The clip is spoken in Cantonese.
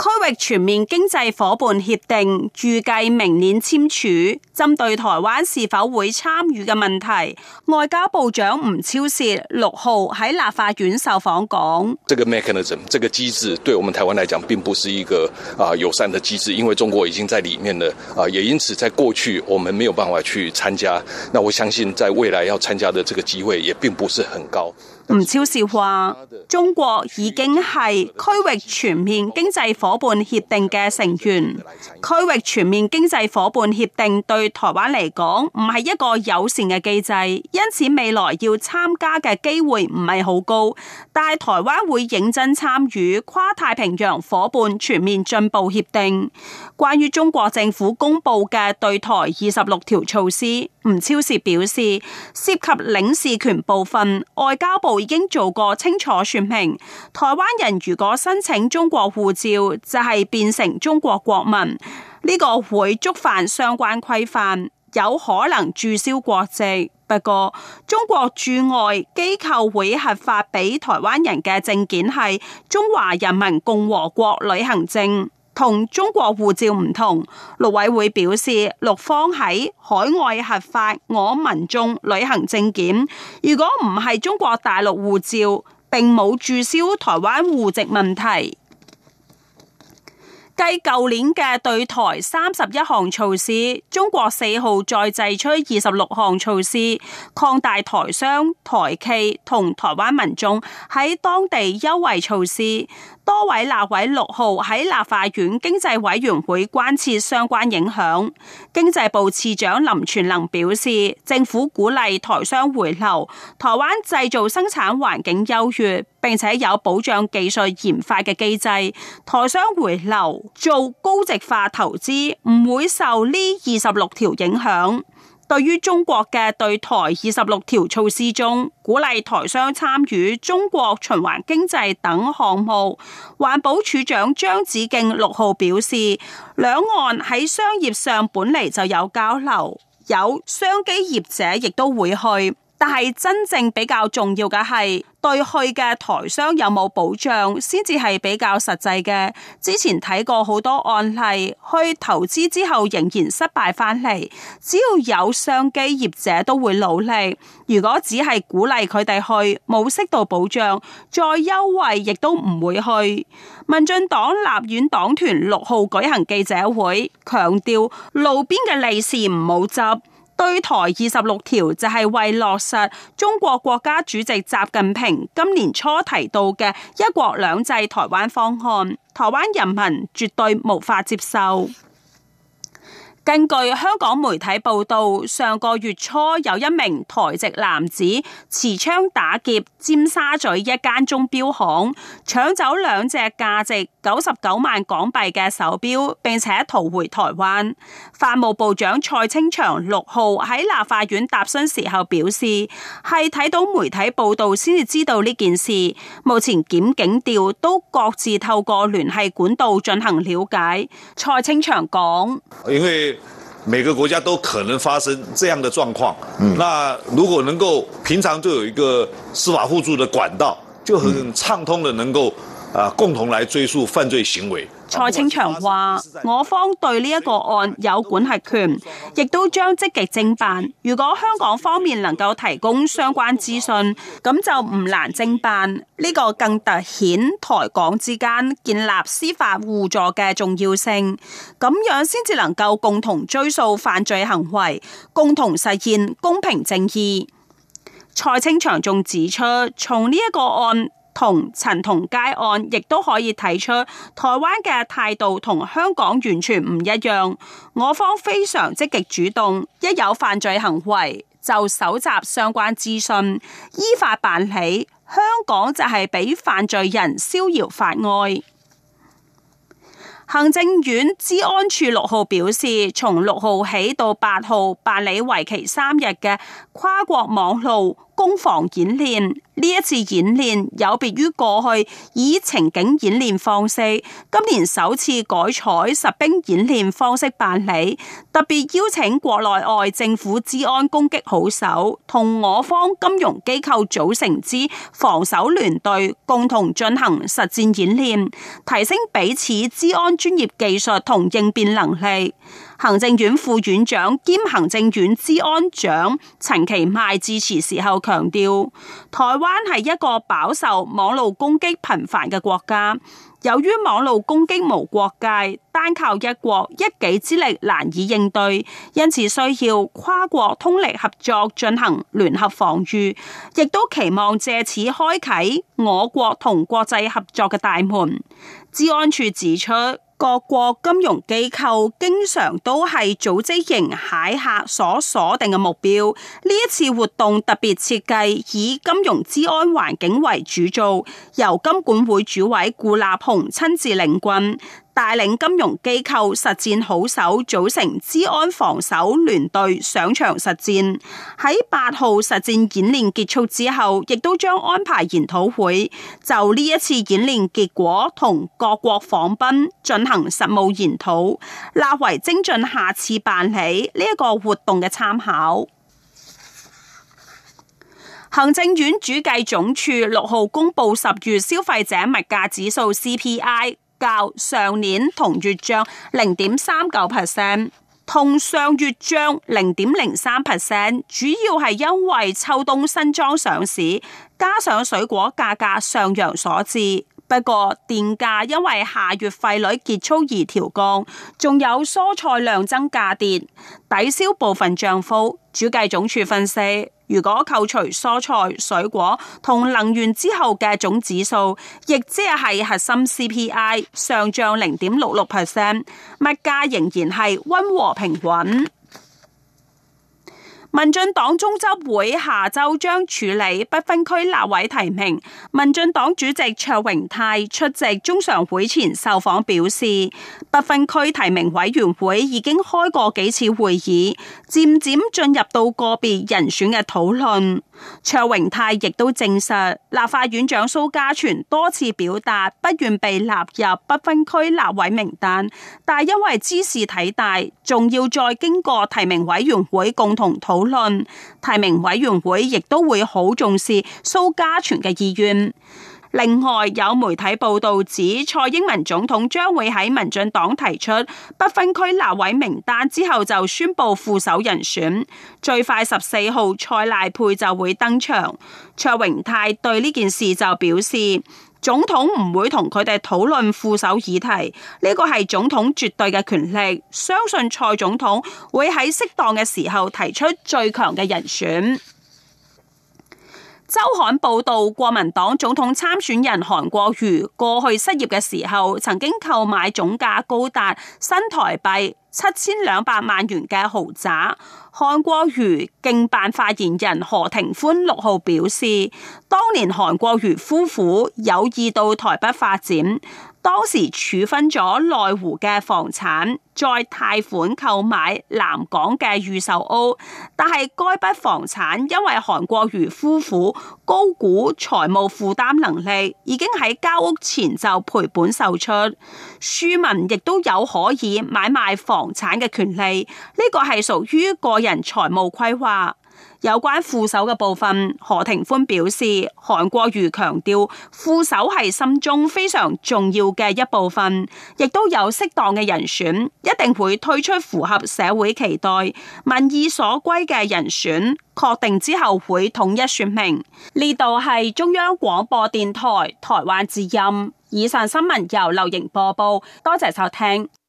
區域全面經濟伙伴協定預計明年簽署，針對台灣是否會參與嘅問題，外交部長吳釗燮，六號喺立法院受訪講：，這個機制，這個機制，對我們台灣來講，並不是一個啊友善的機制，因為中國已經在裡面了，啊，也因此在過去，我們沒有辦法去參加。那我相信，在未來要參加的這個機會，也並不是很高。吳釗燮：，中國已經係區域全面經濟伙。伙伴協定嘅成員，區域全面經濟伙伴協定對台灣嚟講唔係一個友善嘅機制，因此未來要參加嘅機會唔係好高。但係台灣會認真參與跨太平洋伙伴全面進步協定。關於中國政府公布嘅對台二十六條措施，吳釗燮表示涉及領事權部分，外交部已經做過清楚說明。台灣人如果申請中國護照，就係變成中國國民，呢個會觸犯相關規範，有可能注銷國籍。不過，中國駐外機構會核發俾台灣人嘅證件係中華人民共和國旅行證。同中國護照唔同，陸委會表示，陸方喺海外核發我民眾旅行證件，如果唔係中國大陸護照，並冇註銷台灣戶籍問題。繼舊年嘅對台三十一項措施，中國四號再祭出二十六項措施，擴大台商、台企同台灣民眾喺當地優惠措施。多位立委六號喺立法院經濟委員會關切相關影響，經濟部次長林全能表示，政府鼓勵台商回流，台灣製造生產環境優越，並且有保障技術研發嘅機制，台商回流做高值化投資唔會受呢二十六條影響。對於中國嘅對台二十六條措施中，鼓勵台商參與中國循環經濟等項目，環保署長張子敬六號表示，兩岸喺商業上本嚟就有交流，有商機業者亦都會去。但係真正比較重要嘅係對去嘅台商有冇保障，先至係比較實際嘅。之前睇過好多案例，去投資之後仍然失敗返嚟。只要有商機，業者都會努力。如果只係鼓勵佢哋去，冇適度保障，再優惠亦都唔會去。民進黨立院黨團六號舉行記者會，強調路邊嘅利是唔好執。《對台二十六條》就係為落實中國國家主席習近平今年初提到嘅“一國兩制”台灣方案，台灣人民絕對無法接受。根據香港媒體報道，上個月初有一名台籍男子持槍打劫尖沙咀一間鐘表行，搶走兩隻價值九十九萬港幣嘅手表，並且逃回台灣。法務部長蔡清祥六號喺立法院答詢時候表示，係睇到媒體報道先至知道呢件事。目前檢警調都各自透過聯繫管道進行了解。蔡清祥講，因為每個國家都可能發生這樣的狀況。嗯，那如果能夠平常就有一個司法互助的管道，就很暢通的能夠。共同來追訴犯罪行為。蔡清祥話：我方對呢一個案有管轄權，亦都將積極偵辦。如果香港方面能夠提供相關資訊，咁就唔難偵辦。呢個更凸顯台港之間建立司法互助嘅重要性，咁樣先至能夠共同追訴犯罪行為，共同實現公平正義。蔡清祥仲指出，從呢一個案。同陳同佳案，亦都可以睇出台灣嘅態度同香港完全唔一樣。我方非常積極主動，一有犯罪行為就搜集相關資訊，依法辦理。香港就係俾犯罪人逍遙法外。行政院資安處六號表示，從六號起到八號辦理，為期三日嘅跨國網路攻防演練，呢一次演練有別於過去以情景演練方式，今年首次改採實兵演練方式辦理，特別邀請國內外政府資安攻擊好手同我方金融機構組成之防守聯隊，共同進行實戰演練，提升彼此資安專業技術同應變能力。行政院副院長兼行政院資安長陳其邁致辭時候強調，台灣係一個飽受網絡攻擊頻繁嘅國家。由於網絡攻擊無國界，單靠一國一己之力難以應對，因此需要跨國通力合作進行聯合防禦，亦都期望借此開啟我國同國際合作嘅大門。資安處指出，各國金融機構經常都係組織型駭客所鎖定嘅目標。呢一次活動特別設計，以金融資安環境為主造，由金管會主委顧立雄親自領軍，帶領金融機構實戰好手組成資安防守聯隊上場實戰。喺八號實戰演練結束之後，亦都將安排研討會，就呢一次演練結果同各國訪賓進行實務研討，立為精進下次辦理呢一個活動嘅參考。行政院主計總處六號公布十月消費者物價指數 CPI。較上年同月漲零點三九 percent，同上月漲零點零三 percent，主要係因為秋冬新裝上市，加上水果價格上揚所致。不過電價因為夏月費率結束而調降，仲有蔬菜量增價跌，抵消部分漲幅。主計總處分析。如果扣除蔬菜、水果同能源之後嘅總指數，亦即係核心 CPI 上漲零點六六 percent，物價仍然係溫和平穩。民進黨中執會下周將處理不分區立委提名。民進黨主席卓榮泰出席中常會前受訪表示，不分區提名委員會已經開過幾次會議，漸漸進入到個別人選嘅討論。卓榮泰亦都證實，立法院長蘇嘉全多次表達不願被納入不分區立委名單，但因為茲事體大，仲要再經過提名委員會共同討論，提名委員會亦都會好重視蘇嘉全嘅意願。另外有媒體報導指，蔡英文總統將會喺民進黨提出不分區立委名單之後，就宣布副手人選，最快十四號蔡賴佩就會登場。卓榮泰對呢件事就表示，總統唔會同佢哋討論副手議題，呢個係總統絕對嘅權力，相信蔡總統會喺適當嘅時候提出最強嘅人選。周刊報道，國民黨總統參選人韓國瑜過去失業嘅時候，曾經購買總價高達新台幣七千兩百萬元嘅豪宅。韓國瑜競辦發言人何庭歡六號表示，當年韓國瑜夫婦有意到台北發展，當時處分咗內湖嘅房產。再貸款購買南港嘅預售屋，但係該筆房產因為韓國瑜夫婦高估財務負擔能力，已經喺交屋前就賠本售出。庶民亦都有可以買賣房產嘅權利，呢個係屬於個人財務規劃。有關副手嘅部分，何庭歡表示，韓國瑜強調副手係心中非常重要嘅一部分，亦都有適當嘅人選，一定會推出符合社會期待、民意所歸嘅人選，確定之後會統一說明。呢度係中央廣播電台台灣之音，以上新聞由劉瑩播報，多謝收聽。